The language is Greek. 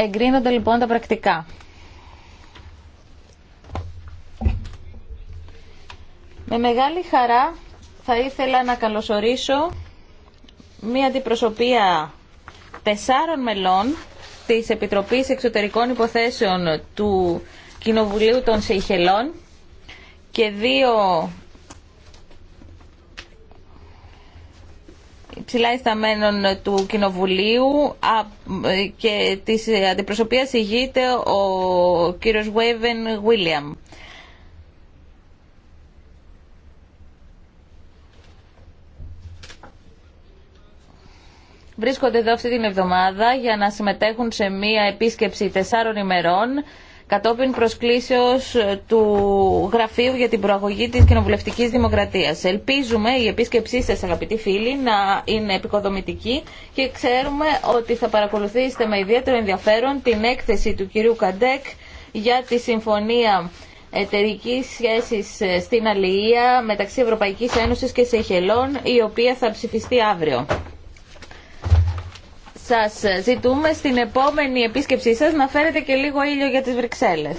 Εγκρίνονται λοιπόν τα πρακτικά. Με μεγάλη χαρά θα ήθελα να καλωσορίσω μία αντιπροσωπεία τεσσάρων μελών της Επιτροπής Εξωτερικών Υποθέσεων του Κοινοβουλίου των Σεϊχελών και δύο ψηλά ισταμένων του Κοινοβουλίου ε, και της αντιπροσωπείας ηγείται ο κύριος Βέιβεν Βίλιαμ. Βρίσκονται εδώ αυτή την εβδομάδα για να συμμετέχουν σε μία επίσκεψη τεσσάρων ημερών κατόπιν προσκλήσεως ε, του Γραφείου για την Προαγωγή της κοινοβουλευτική Δημοκρατίας. Ελπίζουμε η επίσκεψή σα αγαπητοί φίλοι να είναι επικοδομητική και ξέρουμε ότι θα παρακολουθήσετε με ιδιαίτερο ενδιαφέρον την έκθεση του κυρίου Καντέκ για τη συμφωνία εταιρική σχέση ε, στην Αλληλεία μεταξύ Ευρωπαϊκή Ένωση και Σεχελών, η οποία θα ψηφιστεί αύριο. Σας ζητούμε στην επόμενη επίσκεψή σας να φέρετε και λίγο ήλιο για τις Βρυξέλλες.